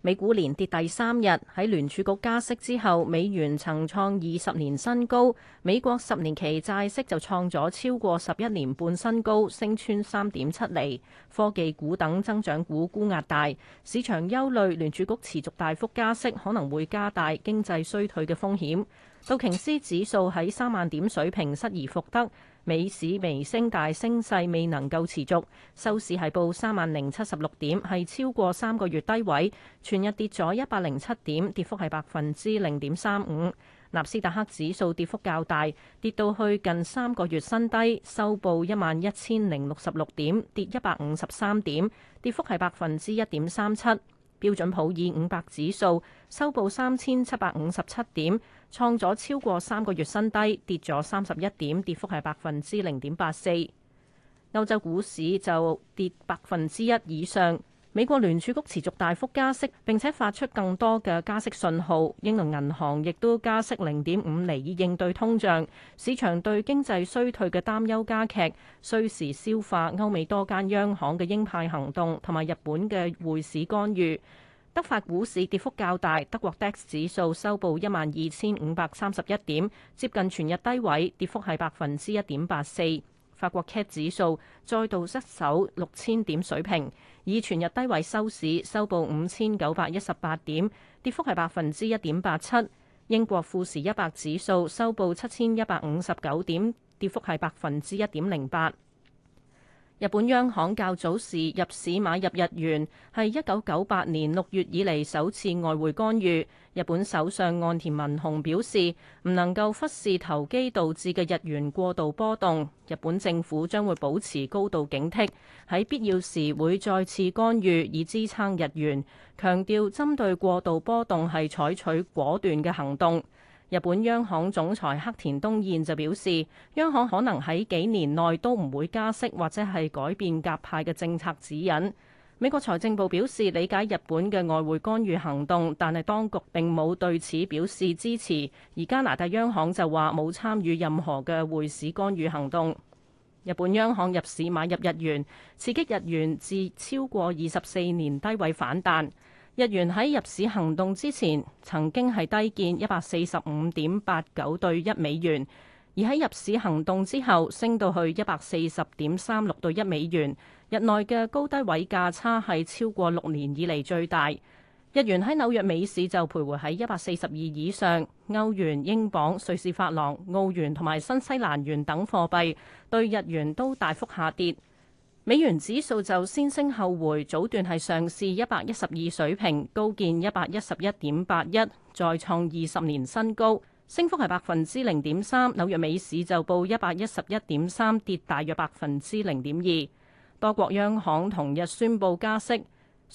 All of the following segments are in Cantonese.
美股連跌第三日，喺聯儲局加息之後，美元曾創二十年新高，美國十年期債息就創咗超過十一年半新高，升穿三點七厘。科技股等增長股沽壓大，市場憂慮聯儲局持續大幅加息可能會加大經濟衰退嘅風險。道瓊斯指數喺三萬點水平失而復得。美市微升，大升勢未能夠持續。收市係報三萬零七十六點，係超過三個月低位。全日跌咗一百零七點，跌幅係百分之零點三五。納斯達克指數跌幅較大，跌到去近三個月新低，收報一萬一千零六十六點，跌一百五十三點，跌幅係百分之一點三七。標準普爾五百指數收報三千七百五十七點。創咗超過三個月新低，跌咗三十一點，跌幅係百分之零點八四。歐洲股市就跌百分之一以上。美國聯儲局持續大幅加息，並且發出更多嘅加息信號。英倫銀行亦都加息零點五厘以應對通脹。市場對經濟衰退嘅擔憂加劇，需時消化歐美多間央行嘅鷹派行動同埋日本嘅匯市干預。德法股市跌幅較大，德國 DAX 指數收報一萬二千五百三十一點，接近全日低位，跌幅係百分之一點八四。法國 CAC 指數再度失守六千點水平，以全日低位收市，收報五千九百一十八點，跌幅係百分之一點八七。英國富時一百指數收報七千一百五十九點，跌幅係百分之一點零八。日本央行較早時入市買入日元，係一九九八年六月以嚟首次外匯干預。日本首相岸田文雄表示，唔能夠忽視投機導致嘅日元過度波動，日本政府將會保持高度警惕，喺必要時會再次干預以支撐日元，強調針對過度波動係採取果斷嘅行動。日本央行總裁黑田東彥就表示，央行可能喺幾年內都唔會加息或者係改變鴿派嘅政策指引。美國財政部表示理解日本嘅外匯干預行動，但係當局並冇對此表示支持，而加拿大央行就話冇參與任何嘅匯市干預行動。日本央行入市買入日元，刺激日元至超過二十四年低位反彈。日元喺入市行動之前，曾經係低見一百四十五點八九對一美元，而喺入市行動之後，升到去一百四十點三六對一美元。日內嘅高低位價差係超過六年以嚟最大。日元喺紐約美市就徘徊喺一百四十二以上。歐元、英鎊、瑞士法郎、澳元同埋新西蘭元等貨幣對日元都大幅下跌。美元指數就先升後回，早段係上試一百一十二水平，高見一百一十一點八一，再創二十年新高，升幅係百分之零點三。紐約美市就報一百一十一點三，跌大約百分之零點二。多國央行同日宣布加息，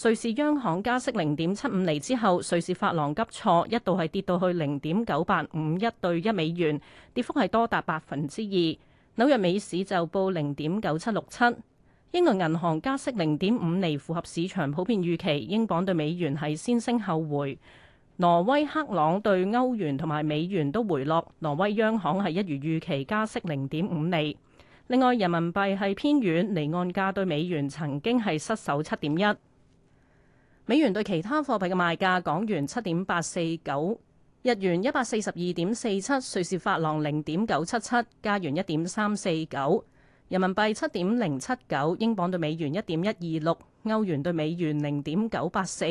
瑞士央行加息零點七五厘之後，瑞士法郎急挫，一度係跌到去零點九八五一對一美元，跌幅係多達百分之二。紐約美市就報零點九七六七。英倫銀行加息零點五厘，符合市場普遍預期。英鎊對美元係先升後回。挪威克朗對歐元同埋美元都回落。挪威央行係一如預期加息零點五厘。另外，人民幣係偏軟，離岸價對美元曾經係失守七點一。美元對其他貨幣嘅賣價：港元七點八四九，日元一百四十二點四七，瑞士法郎零點九七七，加元一點三四九。人民幣七點零七九，英鎊對美元一點一二六，歐元對美元零點九八四，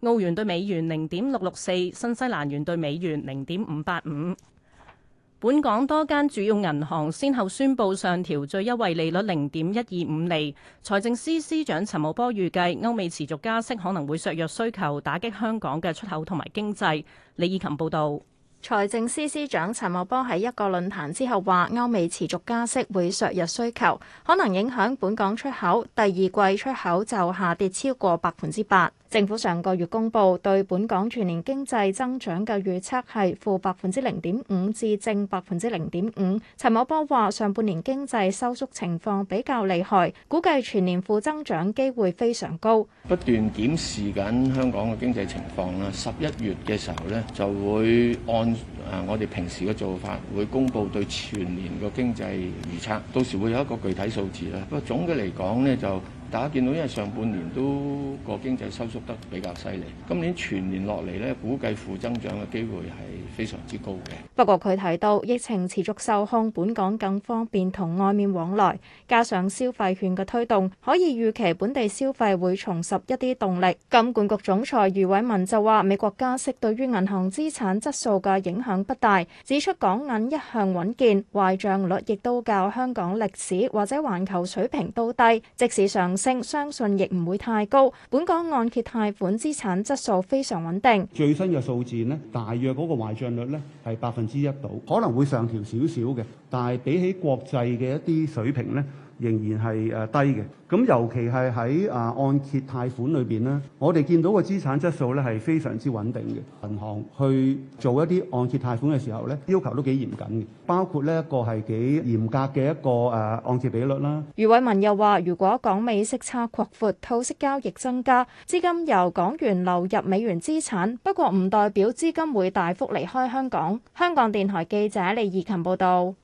澳元對美元零點六六四，新西蘭元對美元零點五八五。本港多間主要銀行先後宣布上調最優惠利率零點一二五釐。財政司司長陳茂波預計歐美持續加息可能會削弱需求，打擊香港嘅出口同埋經濟。李以琴報導。財政司司長陳茂波喺一個論壇之後話：歐美持續加息，會削弱需求，可能影響本港出口。第二季出口就下跌超過百分之八。政府上個月公布對本港全年經濟增長嘅預測係負百分之零點五至正百分之零點五。陳茂波話：上半年經濟收縮情況比較厲害，估計全年負增長機會非常高。不斷檢視緊香港嘅經濟情況啦。十一月嘅時候呢，就會按誒我哋平時嘅做法，會公布對全年嘅經濟預測。到時會有一個具體數字啦。不過總嘅嚟講呢就。大家見到因為上半年都個經濟收縮得比較犀利，今年全年落嚟呢，估計負增長嘅機會係非常之高嘅。不過佢提到疫情持續受控，本港更方便同外面往來，加上消費券嘅推動，可以預期本地消費會重拾一啲動力。金管局總裁余偉文就話：美國加息對於銀行資產質素嘅影響不大，指出港銀一向穩健，壞賬率亦都較香港歷史或者環球水平都低，即使上。相信亦唔會太高。本港按揭貸款資產質素非常穩定。最新嘅數字咧，大約嗰個壞賬率咧係百分之一度，可能會上調少少嘅，但係比起國際嘅一啲水平咧，仍然係誒低嘅，咁尤其係喺啊按揭貸款裏邊，呢我哋見到個資產質素咧係非常之穩定嘅。銀行去做一啲按揭貸款嘅時候咧，要求都幾嚴謹嘅，包括呢一個係幾嚴格嘅一個誒按揭比率啦。余偉文又話，如果港美息差擴闊，套息交易增加，資金由港元流入美元資產，不過唔代表資金會大幅離開香港。香港電台記者李怡琴報道，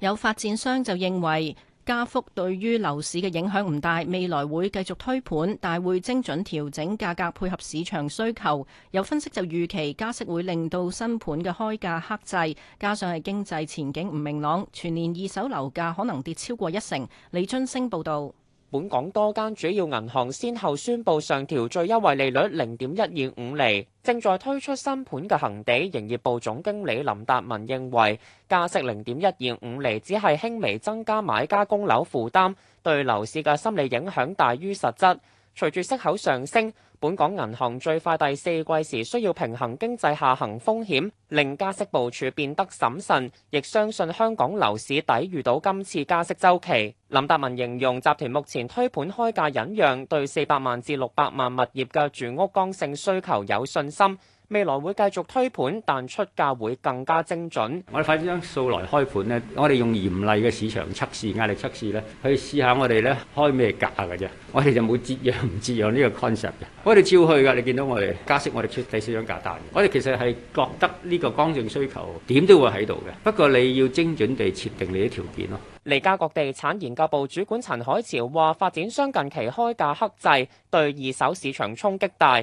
有發展商就認為。加幅對於樓市嘅影響唔大，未來會繼續推盤，但會精準調整價格，配合市場需求。有分析就預期加息會令到新盤嘅開價克制，加上係經濟前景唔明朗，全年二手樓價可能跌超過一成。李津升報導。本港多間主要銀行先後宣布上調最優惠利率零點一二五厘。正在推出新盤嘅恒地營業部總經理林達文認為，加息零點一二五厘只係輕微增加買家供樓負擔，對樓市嘅心理影響大於實質。隨住息口上升，本港銀行最快第四季時需要平衡經濟下行風險，令加息部署變得審慎，亦相信香港樓市抵禦到今次加息周期。林達文形容集團目前推盤開價隱讓，對四百萬至六百萬物業嘅住屋剛性需求有信心。未來會繼續推盤，但出價會更加精準。我哋快啲將數來開盤呢，我哋用嚴厲嘅市場測試、壓力測試咧，去試下我哋咧開咩價嘅啫。我哋就冇節約唔節約呢個 concept 嘅，我哋照去噶。你見到我哋加息，我加息我，我哋出第四張價單。我哋其實係覺得呢個剛性需求點都會喺度嘅。不過你要精準地設定你啲條件咯。利嘉閣地產研究部主管陳海潮話：發展商近期開價克制，對二手市場衝擊大。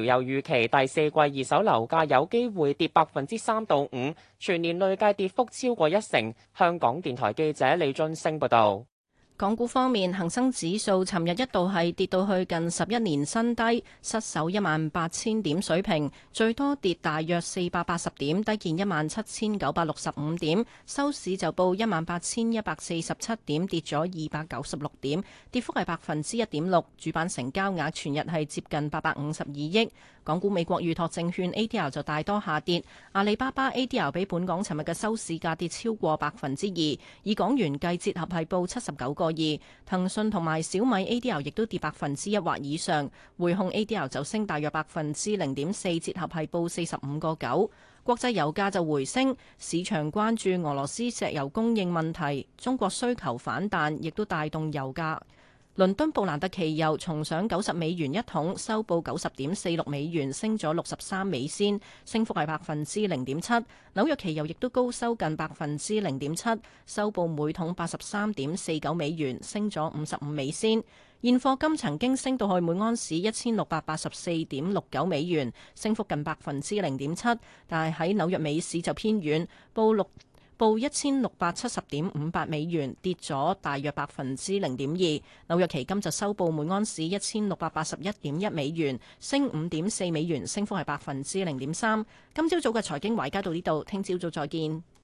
又預期第四季二手樓價有機會跌百分之三到五，全年累計跌幅超過一成。香港電台記者李俊升報道。港股方面，恒生指數尋日一度係跌到去近十一年新低，失守一萬八千點水平，最多跌大約四百八十點，低見一萬七千九百六十五點，收市就報一萬八千一百四十七點，跌咗二百九十六點，跌幅係百分之一點六。主板成交額全日係接近八百五十二億。港股美國預託證券 ADR 就大多下跌，阿里巴巴 ADR 比本港尋日嘅收市價跌超過百分之二，以港元計折合係報七十九個。而，騰訊同埋小米 A D R 亦都跌百分之一或以上，匯控 A D R 就升大約百分之零點四，折合係報四十五個九。國際油價就回升，市場關注俄羅斯石油供應問題，中國需求反彈亦都帶動油價。倫敦布蘭特汽油重上九十美元一桶，收報九十點四六美元，升咗六十三美仙，升幅係百分之零點七。紐約汽油亦都高收近百分之零點七，收報每桶八十三點四九美元，升咗五十五美仙。現貨金曾經升到去每安士一千六百八十四點六九美元，升幅近百分之零點七，但係喺紐約美市就偏軟，報六。1 報一千六百七十點五八美元，跌咗大約百分之零點二。紐約期金就收報每安士一千六百八十一點一美元，升五點四美元，升幅係百分之零點三。今朝早嘅財經維加到呢度，聽朝早，早再見。